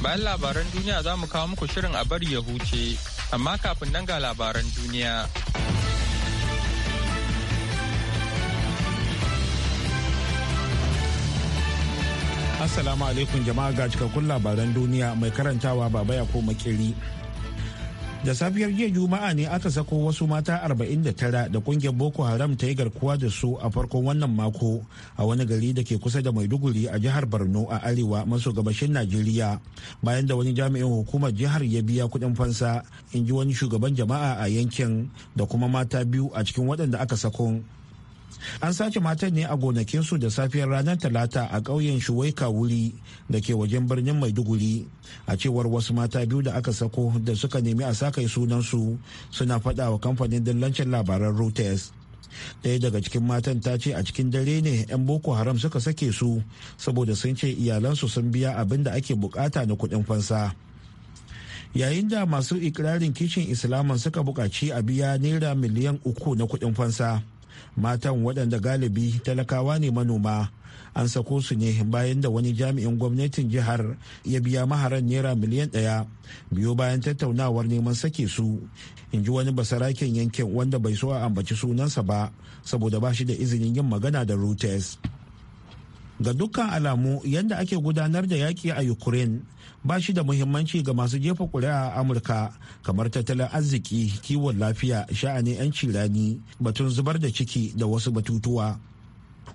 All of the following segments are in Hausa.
Bayan labaran duniya za mu kawo muku shirin a bari ya huce, amma kafin nan ga labaran duniya. Assalamu alaikum jama'a ga cikakkun labaran duniya mai karantawa baba ya ko makeri. da safiyar jiya juma'a ne aka sako wasu mata 49 da kungiyar boko haram ta yi garkuwa da su a farkon wannan mako a wani gari da ke kusa da maiduguri a jihar borno a arewa maso gabashin najeriya bayan da wani jami'in hukumar jihar ya biya kuɗin fansa in ji wani shugaban jama'a a yankin da kuma mata biyu a cikin waɗanda aka sako an sace matan ne a gonakinsu da safiyar ranar talata a ƙauyen shuwaika wuri da ke wajen birnin maiduguri a cewar wasu mata biyu da aka sako da suka nemi a sakai sunansu suna faɗa wa kamfanin dillancin labaran reuters ɗaya daga cikin matan ta ce a cikin dare ne 'yan boko haram suka sake su saboda sun ce iyalansu sun biya abin da ake bukata na kuɗin fansa yayin da masu ikirarin kishin islaman suka buƙaci a biya naira miliyan uku na kuɗin fansa matan waɗanda galibi talakawa ne manoma an sako su ne bayan da wani jami'in gwamnatin jihar ya biya maharan naira miliyan ɗaya biyo bayan tattaunawar neman sake su in ji wani basaraken yankin wanda bai so a ambaci sunansa ba saboda ba shi da izinin yin magana da reuters ga dukkan alamu yadda ake gudanar da yaƙi a ukraine ba shi da muhimmanci ga masu jefa kuri'a a amurka kamar tattalin arziki kiwon lafiya sha'anin 'yanci rani batun zubar da ciki da wasu batutuwa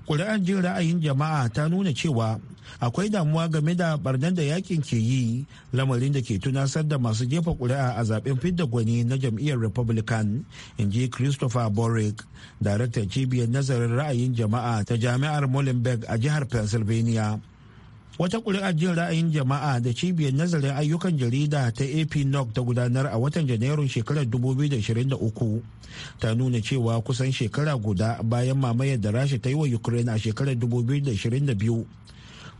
kuri'ar jin ra'ayin jama'a ta nuna cewa akwai damuwa game da barnan da yakin ke yi lamarin da ke tunasar da masu jefa kuri'a a zaben fidda gwani na jam'iyyar republican in ji christopher borick daraktan cibiyar nazarin ra'ayin jama'a ta jami'ar molenberg a jihar pennsylvania wata kuri'a jin ra'ayin jama'a da cibiyar nazarin ayyukan jarida ta ap nok ta gudanar a watan janairun shekarar 2023 ta nuna cewa kusan shekara guda bayan mamayar da rasha ta yi wa ukraine a shekarar 2022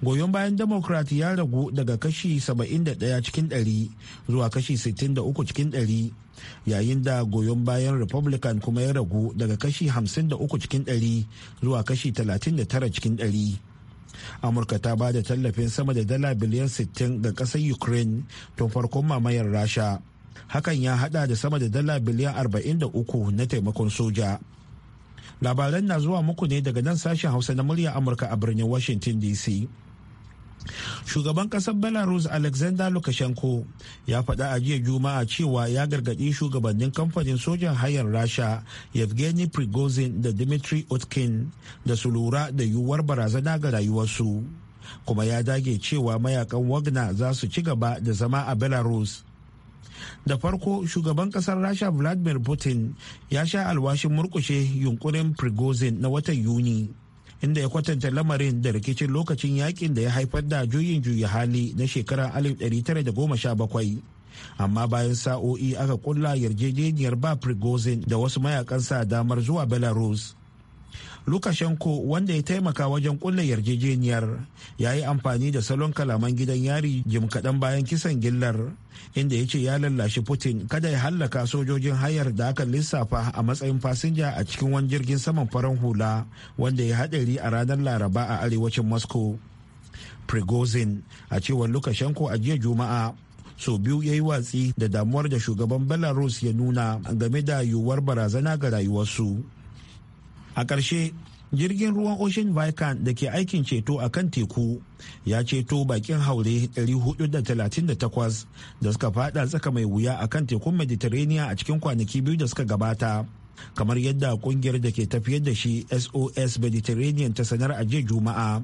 goyon bayan democrat ya ragu daga kashi 71 cikin 100 zuwa kashi 63 cikin 100 yayin da goyon bayan republican kuma ya ragu daga kashi 53 cikin 100 zuwa kashi 39 cikin 100 amurka ta ba da tallafin sama da dala biliyan 60 ga ƙasar ukraine tun farkon mamayar rasha hakan ya hada da sama da dala biliyan 43 na taimakon soja labaran na zuwa muku ne daga nan sashen hausa na murya amurka a birnin washington dc shugaban kasar belarus alexander lukashenko ya faɗa a jiya juma'a cewa ya gargaɗi shugabannin kamfanin sojan hayar rasha yevgeny prigozhin da dmitry utkin da su lura da yiwuwar barazana ga rayuwarsu kuma ya dage cewa mayakan wagner za su ci gaba da zama a belarus da farko shugaban kasar rasha vladimir putin ya sha alwashin murkushe yunkurin prigozhin na watan yuni inda ya kwatanta lamarin da rikicin lokacin yakin da ya haifar da juyin juya hali na shekarar 1917 amma bayan sa'o'i aka kulla yarjejeniyar ba prigozhin da wasu mayakansa sa damar zuwa belarus lukashenko wanda ya taimaka wajen kulle yarjejeniyar ya yi amfani da salon kalaman gidan yari jim kaɗan bayan kisan gillar inda ya ce ya lallashi putin kada ya hallaka sojojin hayar da aka lissafa a matsayin fasinja a cikin wani jirgin saman farin hula wanda ya haɗari a ranar laraba a arewacin moscow prigozhin a cewar lukashenko a jiya juma'a sau biyu ya yi watsi da damuwar da shugaban belarus ya nuna game da yiwuwar barazana ga rayuwarsu a ƙarshe jirgin ruwan ocean vikan da ke aikin ceto a kan teku ya ceto bakin haure 438 da suka fada tsaka mai wuya a kan tekun mediterania a cikin kwanaki biyu da suka gabata kamar yadda kungiyar da ke tafiyar da shi sos mediterranean ta sanar a jiya juma'a.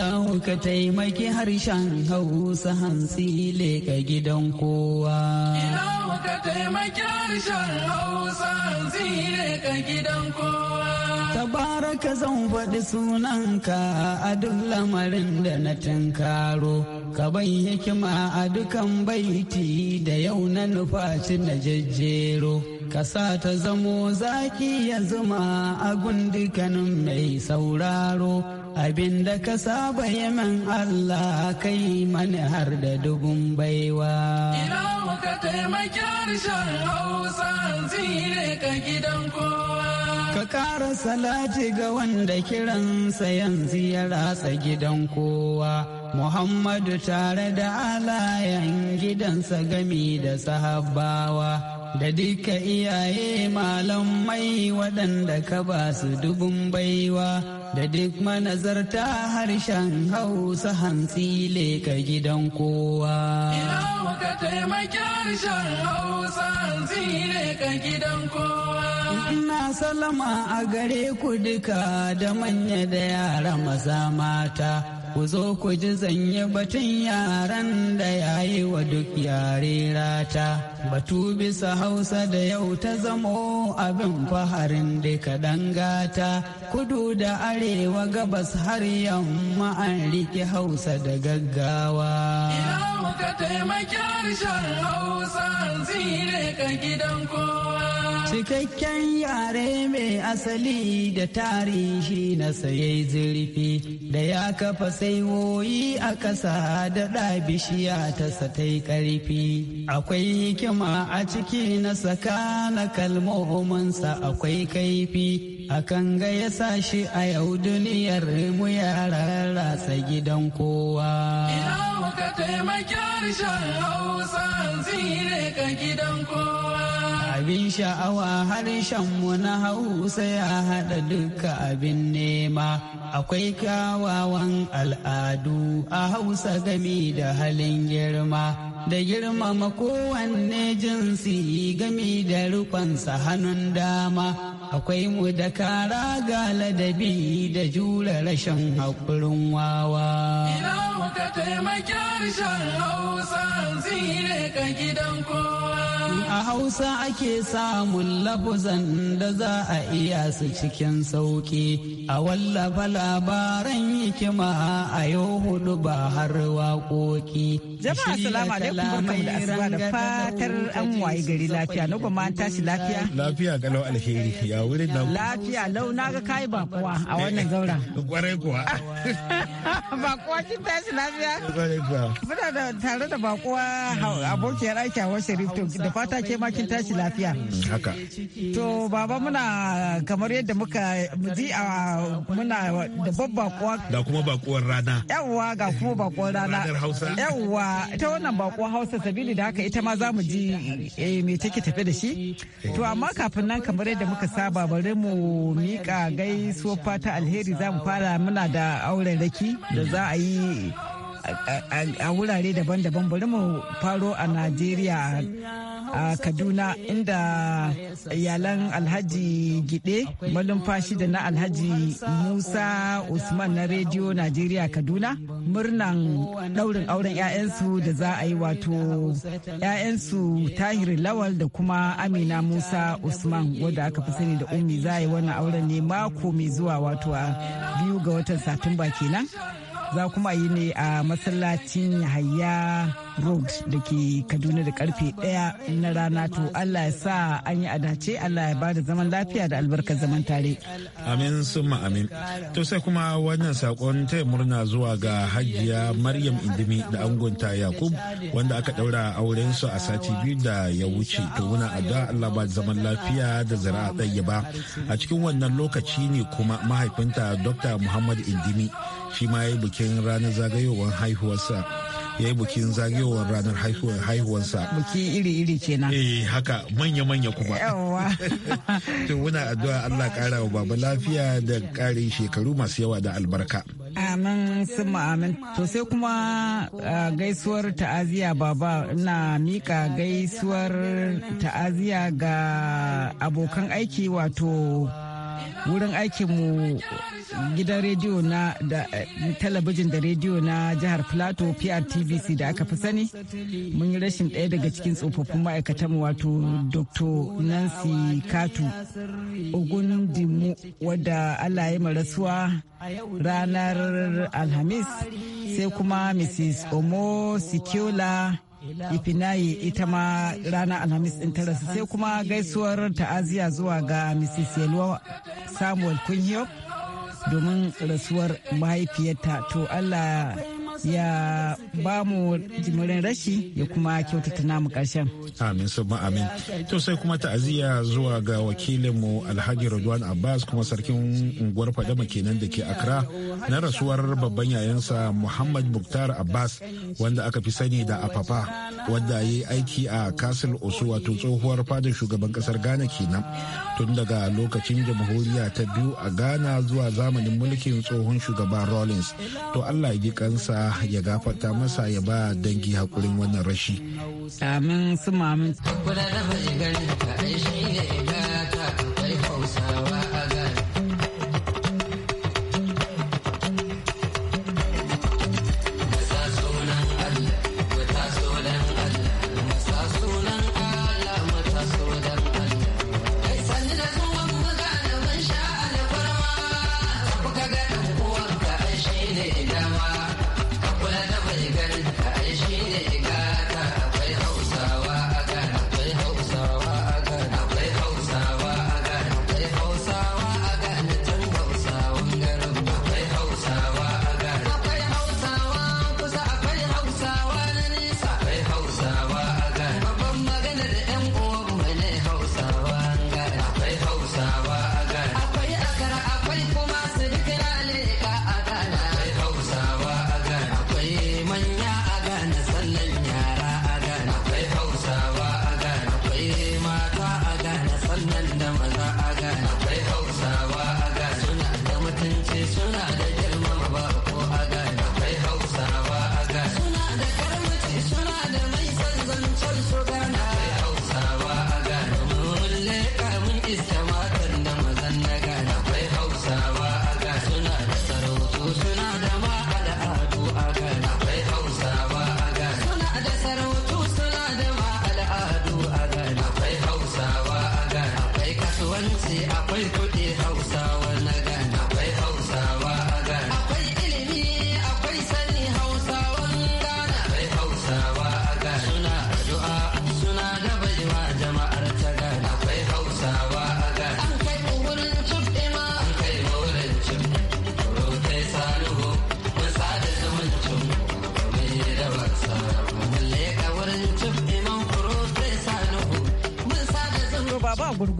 Allah ka taimaki harshen hausa le ka gidan kowa. Ina ka taimaki harshen hausa le ka gidan kowa. tabaraka zan faɗi sunanka a duk lamarin da na tunkaro ka ban hikima a dukan baiti da yau na nufaci na jejjero ka sa ta zamo zaki ya zuma a gundukanin mai sauraro abinda ka saba yaman Allah kai mani har da dubun baiwa. Ina taimaki harshen hausa zire ka gidan kowa. Ka ƙara salati ga wanda kiransa yanzu ya ratsa gidan kowa. Muhammadu tare da alayan gidansa gami da sahabbawa. Da duka iyaye malamai waɗanda ka ba su dubun baiwa. Da duk manazarta harshen hausa hantsi leka gidan kowa. Ina muka taimaki harshen hausa hantsi leka gidan kowa. Ina salama a gare ku duka da manya da yara maza mata. Ku zo ku ji zanye batun yaran da yi wa duk yare rata. Batu bisa hausa da yau ta zamo abin faharin duka dangata. Kudu da arewa gabas har yamma an rike hausa da gaggawa. Ina muka taimaki harshen hausa zire ka gidan kowa. Cikakken yare mai asali da tarihi na saye zurfi da ya kafa saiwoyi a ƙasa da ɗa bishiya ta satai ƙarfi. Akwai hikima a ciki na saka na kalmominsa akwai kaifi. Akan ga ya sa shi a yau duniyar mu ya rarrasa gidan kowa. Ina muka taimakiyar shan hausa zire ka gidan kowa. abin sha'awa harshenmu na hausa ya haɗa duka abin nema akwai kyawawan al'adu a hausa gami da halin girma da girmama kowanne jinsi gami da rukunsa hannun dama akwai mu da kara ga ladabi da jure rashin haƙurin wawa ina hausa ake ke samun lafuzan da za a iya su cikin sauƙi a wallafa labaran hikima a yau hudu ba har waƙoƙi. Jama'a salamu alaikum barkamu da asuba da fatar an waye gari lafiya na kuma an tashi lafiya. Lafiya galau alheri ya wuri na Lafiya lau na ga kayi bakuwa a wannan eh, zaura. Kwarai kuwa. Bakuwa kin tashi lafiya. Kwarai kuwa. Muna da tare da bakuwa abokiyar aiki a wasu da fata ke ma kin tashi lafiya. lafiya. Mm, haka. To baba muna kamar yadda muka ji a muna da babba kuwa. Da kuma bakuwar rana. Yawwa ga kuma bakuwar rana. Ranar Hausa. Yawwa ta wannan bakuwa Hausa sabili da haka ita ma za mu ji eh, me take tafe da shi. Eh. To amma kafin nan kamar yadda muka saba bari mu mika gaisuwar fata alheri za mu fara muna da auren raki da za a yi a wurare daban-daban bari mu faro a najeriya a kaduna inda iyalan alhaji gide malumfashi da na alhaji musa usman na rediyo najeriya kaduna murnan daurin auren 'ya'yansu da za a yi wato 'ya'yansu tahir lawal da kuma amina musa usman wadda aka fi sani da ummi za a yi wannan auren ne mako mai zuwa wato a biyu ga watan satumba kenan za kuma yi ne a masallacin hayya. road da ke kaduna da karfe daya na rana to allah ya sa an yi adace allah ya bada zaman lafiya da albarkar zaman tare amin summa amin to sai kuma wannan sakon taya murna zuwa ga hajiya maryam indimi da angonta yakub wanda aka daura auren su a sati biyu da ya wuce to muna addu'a allah ba zaman lafiya da zara'a ɗaya ba a cikin wannan lokaci ne kuma mahaifinta dr muhammad indimi shi ma ya yi bikin ranar zagayowar haihuwarsa ya yi bikin zagayowar ranar haihuwarsa. Biki iri-iri kenan. Eh haka manya-manya kuma. Yawwa. to muna addu'a Allah kara wa baba lafiya da karin shekaru masu yawa da albarka. Amin sun amin. To sai kuma gaisuwar ta'aziya baba na mika gaisuwar ta'aziya ga abokan aiki wato wurin aikinmu gidan rediyo na da talabijin da rediyo na jihar plateau prtbc da aka fi sani mun yi rashin ɗaya daga cikin tsofaffin ma'aikatanmu wato dr nancy katu dimu wadda allah ya marasuwa ranar alhamis sai kuma mrs omo sikiola ifinaye ita ma ranar alhamis din ta sai kuma gaisuwar ta'aziya zuwa ga mrs yelwa samuel kunhiyo domin rasuwar mahaifiyarta to allah ya ba mu jimirin rashi ya kuma kyautata namu karshen. Amin sabon amin. To sai kuma ta'aziyya zuwa ga wakilinmu Alhaji rodwan Abbas kuma sarkin unguwar Fadama kenan da ke Accra na rasuwar babban yayansa Muhammad Muktar Abbas wanda aka fi sani da Apapa wanda ya yi aiki a Castle Osu wato tsohuwar fadar shugaban kasar Ghana kenan tun daga lokacin jamhuriya ta biyu a Ghana zuwa zamanin mulkin tsohon shugaban Rawlings. To Allah ya ji kansa ya gafarta masa ya ba dangi hakurin wannan rashi. Amin su mamin. Kuda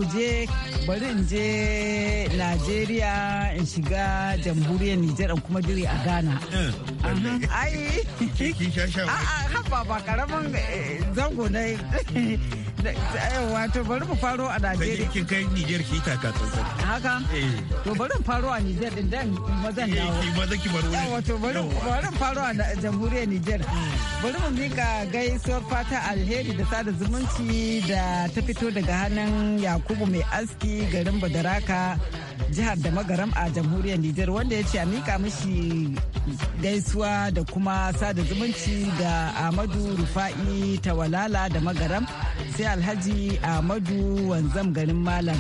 guje bari in je Najeriya in shiga jamhuriyar Nijar in kuma dire a Ghana. Ai, a'a haba ba karamin eh, zango na hmm. wato bari mu faro a Najeriya. Kin kai Nijar ki taka tsantsan. Haka? Eh. To bari mu faro a Nijar din dan mazan eh, dawo. Ki maza ki bar wuri. Wato bari bari mu faro a Jamhuriyar Nijar. Hmm. Bari mu mika gaisuwar fata alheri da sada zumunci da ta fito daga hannun Yakubu mai aski garin Badaraka jihar da magaram a jamhuriyar Nijar wanda ya ce a mika mishi gaisuwa da kuma sada zumunci da Ahmadu Rufa'i Tawalala da magaram sai alhaji ahmadu wanzam garin malam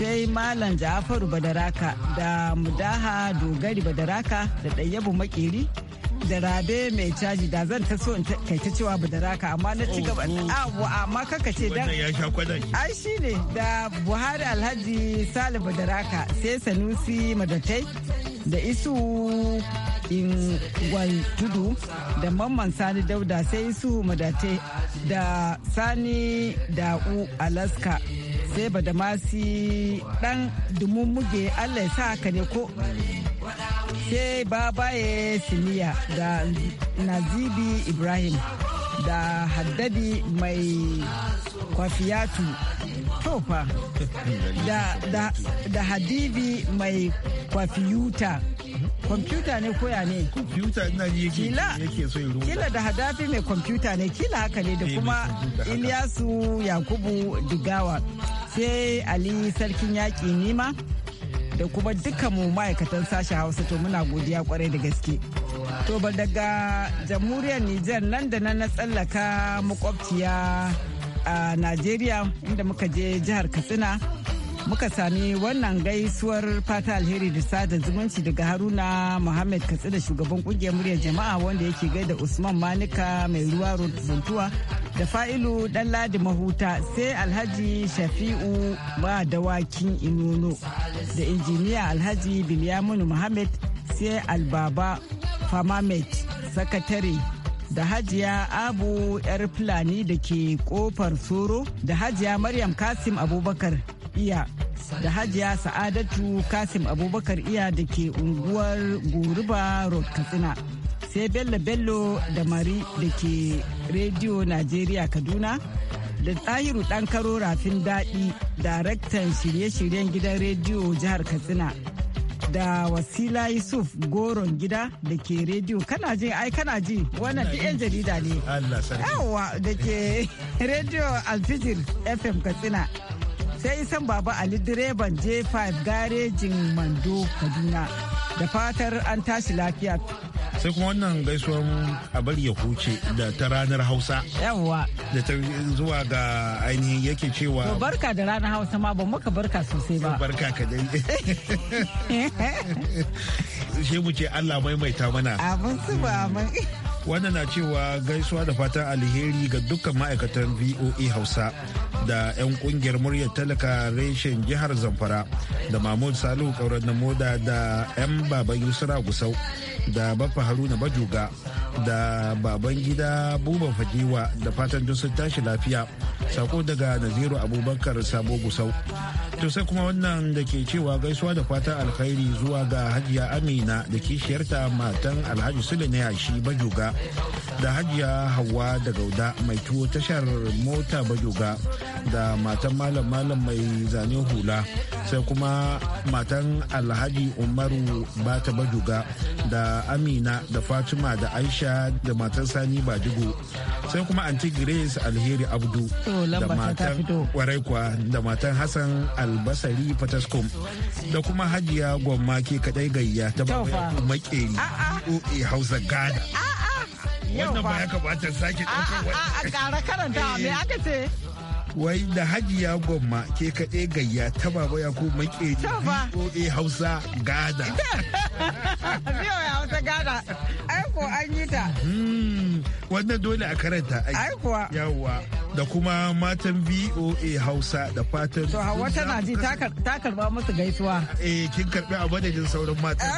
sai malam ja'afaru badaraka da mudaha dogari badaraka da ɗayyabu makeri da rabe mai caji da zan ta so kai ta cewa badaraka amma na ci gaba oh, oh. abu ah, amma kaka ce da ai ne da buhari alhaji salihu badaraka sai sanusi madatai da isu in gwal tudu da mamman sani dauda sai su madate da sani da'u alaska sai badamasi dan dumummuge allah sa haka ne ko sai babaye siniya da nazibi ibrahim da haddadi mai kwafiyatu tofa da hadibi mai kwafiyuta kwamfuta ne koya ne kwamfuta ina ne yake so yaro kila da hadafi mai kwamfuta ne kila haka ne da eh, kuma Ilyasu Yakubu Digawa sai Ali Sarkin Yaƙi Nima da kuma mu ma'aikatan sashen Hausa to muna godiya kwarai da gaske. To ba daga jamhuriyar Nijar nan da nan na tsallaka makwabciya a Najeriya inda muka je jihar Katsina muka sami wannan gaisuwar fata alheri da sada zumunci daga haruna muhammad katsina shugaban kungiyar muryar jama'a wanda yake gaida usman manika mai ruwa zantuwa da fa'ilu dan ladi mahuta sai alhaji shafi'u ba dawakin inono da injiniya alhaji bilyaminu muhammad sai albaba famamet sakatare da hajiya abu yar fulani da ke kofar soro da hajiya maryam kasim abubakar iya da hajiya sa'adatu kasim abubakar iya da ke unguwar goruba road katsina sai bello bello da mari da ke rediyo najeriya kaduna da tsahiru ɗan karo rafin daɗi daraktan shirye-shiryen gidan rediyo jihar katsina da wasila yusuf goron gida da ke rediyo kana ji ai kana ji wannan duk yan jarida ne yawa da ke rediyo alfijir fm katsina sai isan baba ali direban j5 garejin mando kaduna da fatar an tashi lafiya sai kuma wannan gaisuwan abar ya huce da ta ranar hausa yawwa da ta zuwa ga ainihin yake cewa barka da ranar hausa ma ba muka barka sosai ba barka ka dai shi muke allah maimaita mana abin su ba mai wanda na cewa gaisuwa da fatan alheri ga dukkan ma'aikatan voa hausa da 'yan kungiyar muryar talaka reshen jihar zamfara da mahmud salihu kauran na moda da 'yan baban yusra gusau da bafa haruna bajuga da baban gida buba fajiwa da fatan duk sun tashi lafiya sako daga naziru abubakar sabo gusau to sai kuma wannan da ke cewa gaisuwa da fatan alkhairi zuwa ga hajiya amina da kishiyarta matan alhaji sule na yashi bajoga da hajiya hawa da gauda mai tuwo tashar mota bajoga da matan malam malam mai zane hula sai kuma matan alhaji umaru bata bajoga da amina da fatima da aisha da matan sani bajigo sai kuma anti grace alheri abdu da matan kwarai kuwa da matan Hassan Albasari Fataskum da kuma Hajiya Gwammake kadai gayya ta baba makeri OA Hausa Ghana. Wannan ba ya kamata sake ɗaukar wani. A ƙara karanta me eh. aka ce? wai da hajiya gwamma ke kaɗe gayya ta baba ya ko make VOA Hausa Gada. VOA Hausa Gada, aiko an yi ta. Hmm. Wannan dole a karanta. Aiko. Yawwa. da kuma matan VOA Hausa da fatan. To hawa tana ji ta karba musu gaisuwa. Eh kin karbi a madadin sauran matan.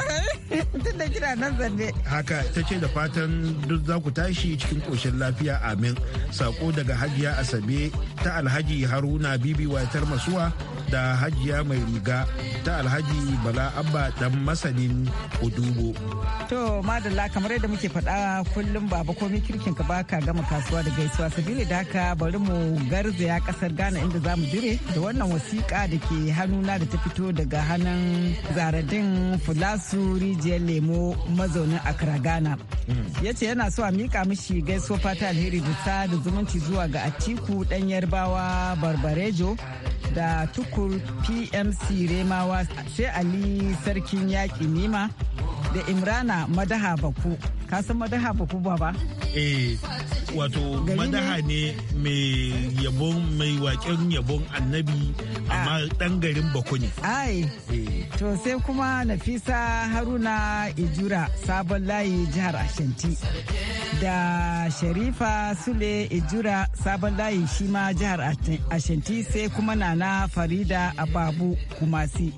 Tun da kina nan zanne. Haka ta ce da fatan duk za ku tashi cikin koshin lafiya amin. Sako daga Hajiya Asabe ta Alhaji Haruna Bibi Watar Masuwa da Hajiya Mai Riga ta Alhaji Bala Abba dan masanin Udubo. To madalla kamar yadda muke faɗa kullum baba komai kirkin ka baka gama kasuwa da gaisuwa sabili da haka bari mu garzaya kasar Ghana inda za mu dire da wannan wasiƙa da ke hannuna da ta fito daga hannun zaradin Fulasu Rijiyar Lemo mazaunin Accra Ghana. Ya ce yana so a miƙa mishi gaisuwa fata alheri da da zumunci zuwa ga Atiku ɗan Yarbawa Barbarejo da Tukur PMC Remawa sai Ali Sarkin Yaƙi Nima da Imrana Madaha Baku. Ka san Madaha Baku ba ba? Eh, wato Madaha ne mai yabon mai waken yabon annabi amma ah. ɗan garin Baku ne. Ai, eh. to sai kuma Nafisa Haruna Ijura sabon layi jihar Ashanti. Da Sharifa Sule Ijura sabon layi shi ma jihar Ashanti sai kuma Nana Farida Ababu Kumasi.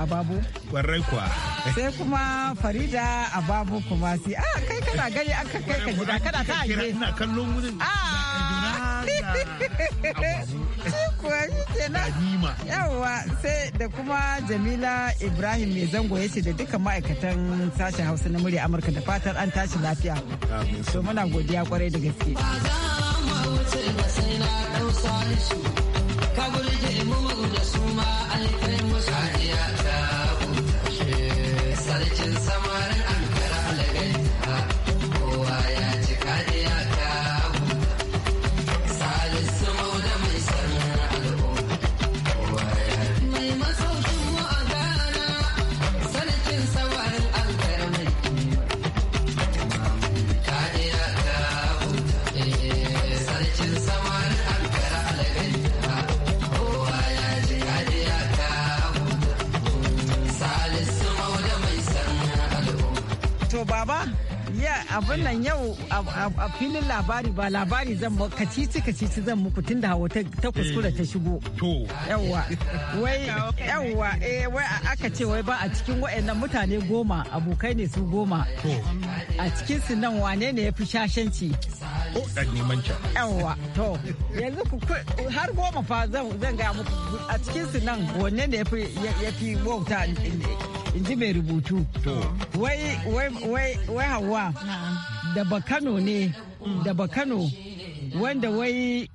Ababu? Kwarai kuwa. sai kuma farida a babu kuma si a ah, kai kana gani aka kai ka gida kana ta hange ina kallon wurin ah. kuwa shi yawa sai da kuma jamila ibrahim mai zango ya ce da duka ma'aikatan sashen hausa na murya amurka da fatar an tashi lafiya so muna godiya kwarai da gaske na da su ma abin nan yau a filin labari ba labari zan ba kacici kacici zan muku tunda hawa ta kuskura eh. ta shigo to yawa wai yawa eh wai aka ce wai ba a cikin wayannan mutane goma abokai ne su goma a cikin su nan wane ne ya fi shashanci ko oh, dan neman can yawa to yanzu ku har goma fa zan ga muku a cikin su nan wane ne ya fi wauta in ji mai rubutu wai hawa da bakano ne da bakano wanda wai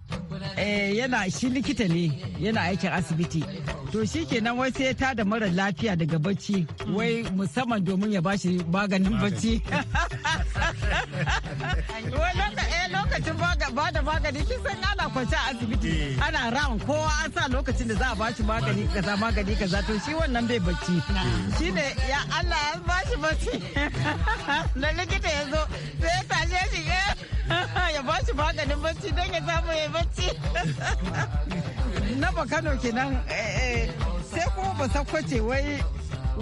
Eh, yana shi likita ne yana aikin asibiti to shi kenan wai sai ta da mara lafiya daga bacci wai musamman domin ya bashi maganin bacci eh, lokacin ba da magani kin san ana kwance a asibiti eh. ana ran kowa an sa lokacin da za a bashi magani kaza magani kaza to shi wannan bai bacci ne ya Allah ya bashi bacci na likita ya zo sai ya tashe ya ba shi maganin bacci don ya samu ya bacci na bakano kenan eh, eh. sai kuma ba sakwace wai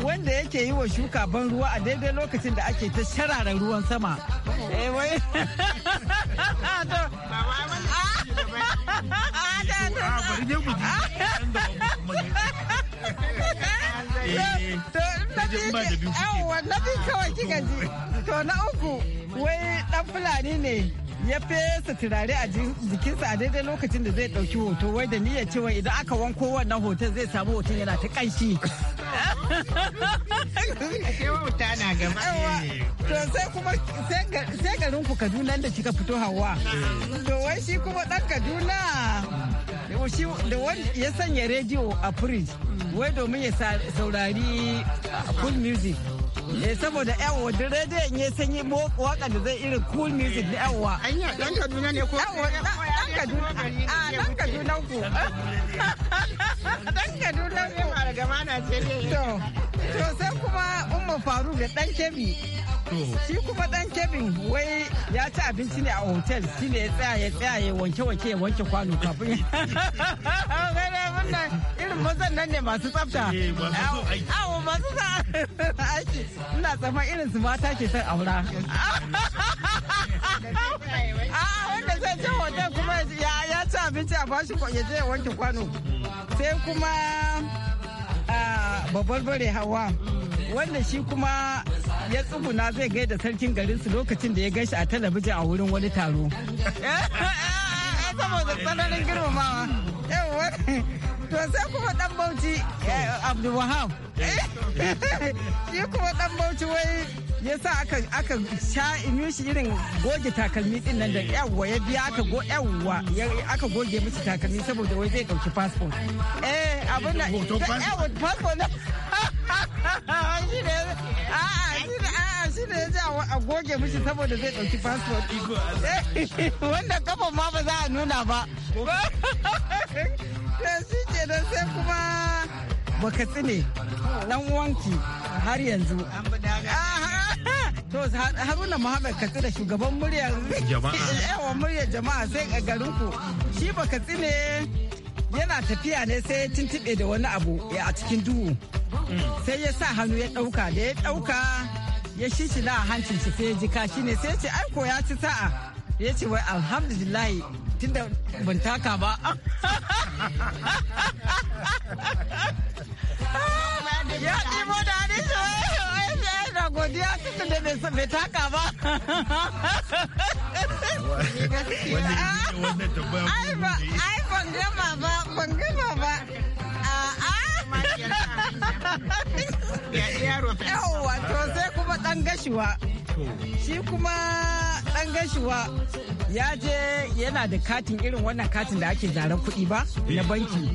wanda yake yi wa shuka ban ruwa a daidai lokacin da ake ta shararar ruwan sama. Eh wai. To na uku wai dan fulani ne ya fesa turare a jikinsa a daidai lokacin da zai dauki hoto wai da niyyar cewa idan aka wanko wannan hoton zai samu hoton yana ta kanshi To sai kuma garin ku Kaduna da kika fito hawa. To wai shi kuma dan Kaduna da wani ya sanya rediyo a firij wai domin ya saurari uh, full music. eh saboda yawa da rediyon yi sanyi waka da zai irin cool music da yawa anya dan kaduna ne ko dan kaduna a ah, dan kaduna ku dan kaduna ne ma daga kuma umma faruk da dan kebi shi kuma dan kebin wai ya ci abinci ne a hotel shi ne ya tsaya ya tsaya ya wanke wanke ya wanke kwano kafin wannan irin mazan nan ne masu tsafta awo eh, masu sa aiki ina tsafa irin su mata ke son aura a ah, wanda zai je hotel kuma ya ci abinci a bashi ya je ya wanke kwano sai kuma ah, babbar bare hawa wanda shi kuma ya tsuguna zai gaida sarkin garinsu lokacin da ya gaishe a talabijin a wurin wani taro saboda tsananin girmamawa yawwa to sai kuma dan bauchi eh, abdulwahab eh, eh. shi kuma dan bauchi wai yasa aka aka sha shi irin goge takalmi din nan da yawwa ya biya aka go yawwa aka goge mishi takalmi saboda wai zai dauki passport eh abin da yawwa eh, passport na shi ne a shi ne a shi ne ya a goge mishi saboda zai dauki passport eh, wanda kafa ma ba za a nuna ba shi ke nan sai kuma baka tsine dan uwanki har yanzu ah, To Haruna Muhammad Katsina shugaban muryar jama'a. muryar jama'a sai garin ku. Shi ba Katsina yana tafiya ne sai ya tuntube da wani abu a cikin duhu. Sai ya sa hannu ya dauka da ya dauka ya shishila a hancin shi sai ya ji kashi ne sai ya ce aiko ya ci sa'a. ya ce wai alhamdulillahi tunda ban taka ba ya ɗimo da hannun yana godiya tunda da bai bai taka ba. Ai ban gama ba, ban gama ba. Yawwa, to sai kuma ɗan gashiwa. shi kuma dan gashuwa ya je yana da katin irin wannan katin da ake zaren kuɗi ba na eh. banki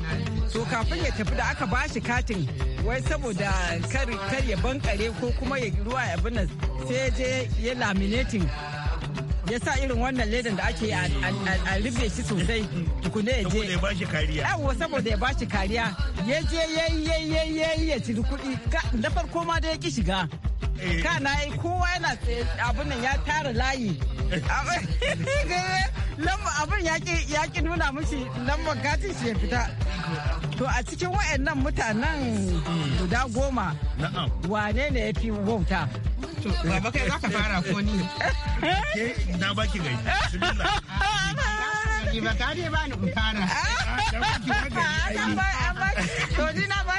to kafin ya tafi da aka ba shi katin wai saboda kar ya bankare ko kuma ya ruwa ya bi sai je ya laminating ya sa irin wannan ledan da ake a rufe shi sosai tukune ya je yawo saboda ya ba shi kariya ya je yayi yayi yayi ya ciri kuɗi na farko ma da ya ki shiga kana yi kowa yana abin ya tara layi abin ya ki nuna mushi lambar gatin shi ya fita to a cikin wayannan mutanen guda goma wane ne ya fi wauta baba kai zaka fara ko ni na baki gai ba ka ba ni fara ah, ba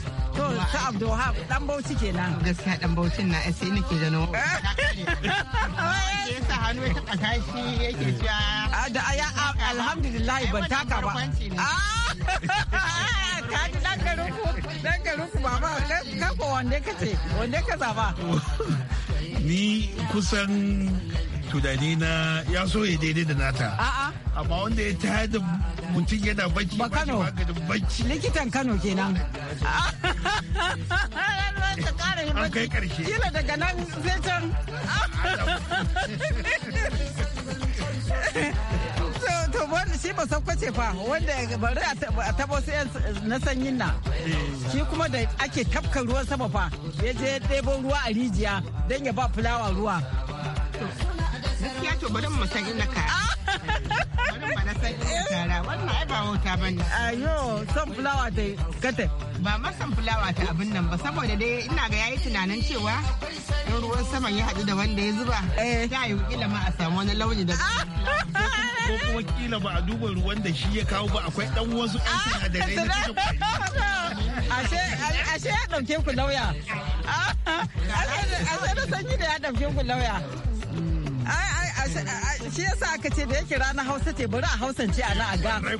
To ta Abdulhab dan Bauchi kenan. Gaskiya dan bauchi na sai nake da nawa. Eh. Yasa hannu ya yake cewa. Ah, da aya alhamdulillah ban taka ba. Ah! Ka ji dan garin dan garin ku baba kafa wanda kace wanda ka zaba. ni kusan tunani na ya so ya daidai da nata amma wanda ya tayar da mutum yana bacci ba kano likitan kano kenan an kai karshe kila daga nan zai can to wanda shi ba sakwace fa wanda bari a tabo sai na sanyin na shi kuma da ake tafka ruwan sama fa ya je ɗebo ruwa a rijiya don ya ba fulawa ruwa gaskiya to bari mu san inda ka wannan ai ba wauta ba ne ayo son fulawa ta kata ba ma son fulawa ta abin nan ba saboda dai ina ga yayi tunanin cewa in ruwan saman ya haɗu da wanda ya zuba ta eh. yi kila ma a samu wani launi da ko kuma kila ba a duba ruwan da shi ya kawo ba akwai dan wasu ɗan sinadarai na cikin ashe ya ɗauke ku lauya ashe da sanyi da ya dauke ku lauya mm. shi yasa aka ce da yake rana hausa ce bari a hausance a na a ga ai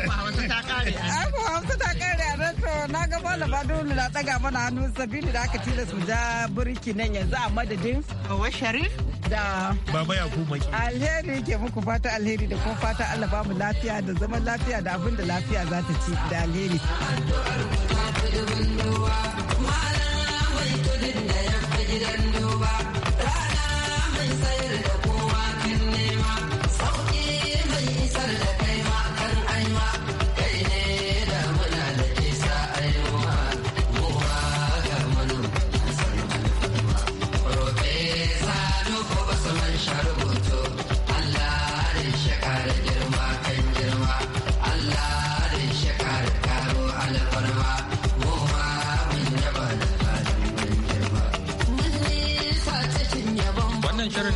ko hausa ta kare kare a nan na ga malama dole na daga mana hannu sabili da aka tilas mu ja burki nan yanzu a madadin wa sharif da baba ya kuma alheri ke muku fata alheri da kuma fata Allah ba mu lafiya da zaman lafiya da abin da lafiya za ta ci da alheri Malam wai kudin da ya fi gidan duba, mai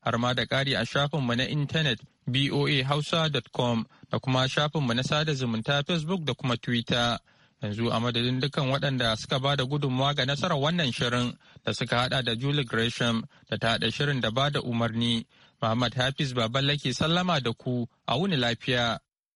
har ma da ƙari a shafinmu na intanet boahausa.com da kuma shafinmu na sada zumunta facebook da kuma twitter yanzu a madadin dukkan waɗanda suka ba da gudunmawa ga nasarar wannan shirin da suka haɗa da julie gresham da ta haɗa shirin da ba da umarni muhammad hafiz baballake sallama da ku a wuni lafiya